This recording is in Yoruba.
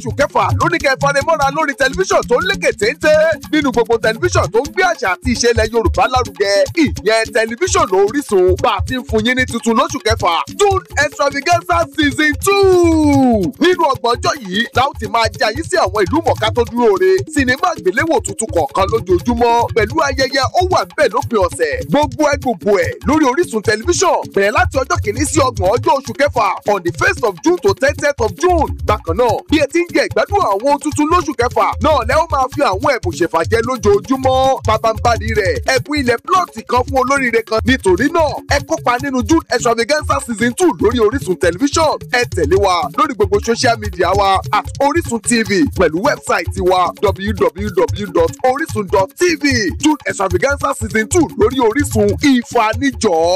oṣù kẹfà lóníkẹ́ farimọ́ra lórí tẹlifíṣàn tó lékè téńté nínú gbogbo tẹlifíṣàn tó ń gbé àṣà àti ìṣe Yorùbá lárugẹ ìyẹn tẹlifíṣàn Orísun bá a ti ń fún yín ní tuntun lóṣù kẹfà June extravaganza season two nínú ọgbọ̀njọ́ yìí la ó ti máa jẹ́ àyín sí àwọn ìlú mọ̀ká tó dúró re sinimá àgbéléwò tuntun kọ̀ọ̀kan lójoojúmọ́ pẹ̀lú ayẹyẹ ó wà níbẹ̀ lópin ọ̀sẹ̀ gbogbo ẹ gbogbo ẹ lórí Orísun tẹlifíṣàn bẹ̀rẹ̀ láti ọjọ́ kìíní sí ọgbọ̀n ọjọ́ oṣù kẹfà on the first of June to thirtieth of June bákan náà bí ẹ ti ń jẹ ìgbádùn àwọn tuntun lóṣù kẹfà náà lẹ́ ó máa fi àwọn ẹ̀bùn ṣèfàjẹ́ lójoojúmọ́ pabambari rẹ̀ ẹ̀bùn ilẹ̀ plọ́ọ̀tì kan fún olóríire kan nítorí náà ẹ kópa nínú June extravaganza season two lórí Orísun tẹlifíṣọ̀n ẹ tẹ̀lé wa lórí gbogbo social media wa at Orísun TV pẹ̀lú wẹ́bsáìtì wa www.orisun.tv June extravaganza season two lórí Orísun ìfanijọ́.